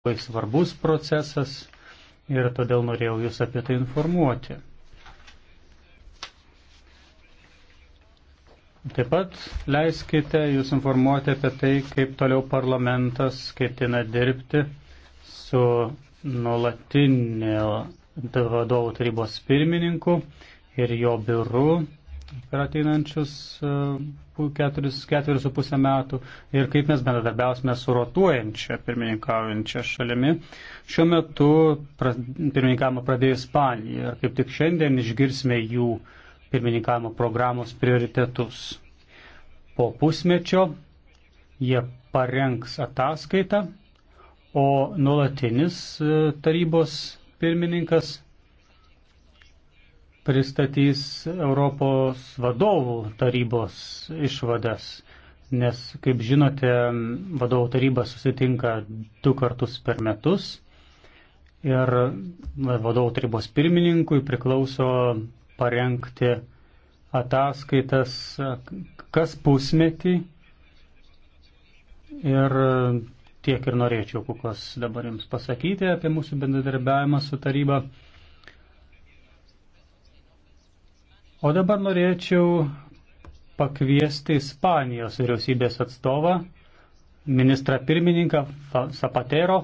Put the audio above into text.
labai svarbus procesas ir todėl norėjau Jūs apie tai informuoti. Taip pat leiskite Jūs informuoti apie tai, kaip toliau parlamentas ketina dirbti su nuolatinio vadovų tarybos pirmininku ir jo biuru per ateinančius e, keturis, keturis su pusę metų ir kaip mes bendradarbiausime su rotuojančia pirmininkaujančia šalimi. Šiuo metu pra, pirmininkavimą pradėjo Ispanija ir kaip tik šiandien išgirsime jų pirmininkavimo programos prioritetus. Po pusmečio jie parengs ataskaitą, o nuolatinis e, tarybos pirmininkas pristatys Europos vadovų tarybos išvadas, nes, kaip žinote, vadovų taryba susitinka du kartus per metus ir vadovų tarybos pirmininkui priklauso parengti ataskaitas kas pusmetį ir tiek ir norėčiau kukos dabar jums pasakyti apie mūsų bendradarbiavimą su taryba. O dabar norėčiau pakviesti Ispanijos vyriausybės atstovą, ministrą pirmininką Zapatero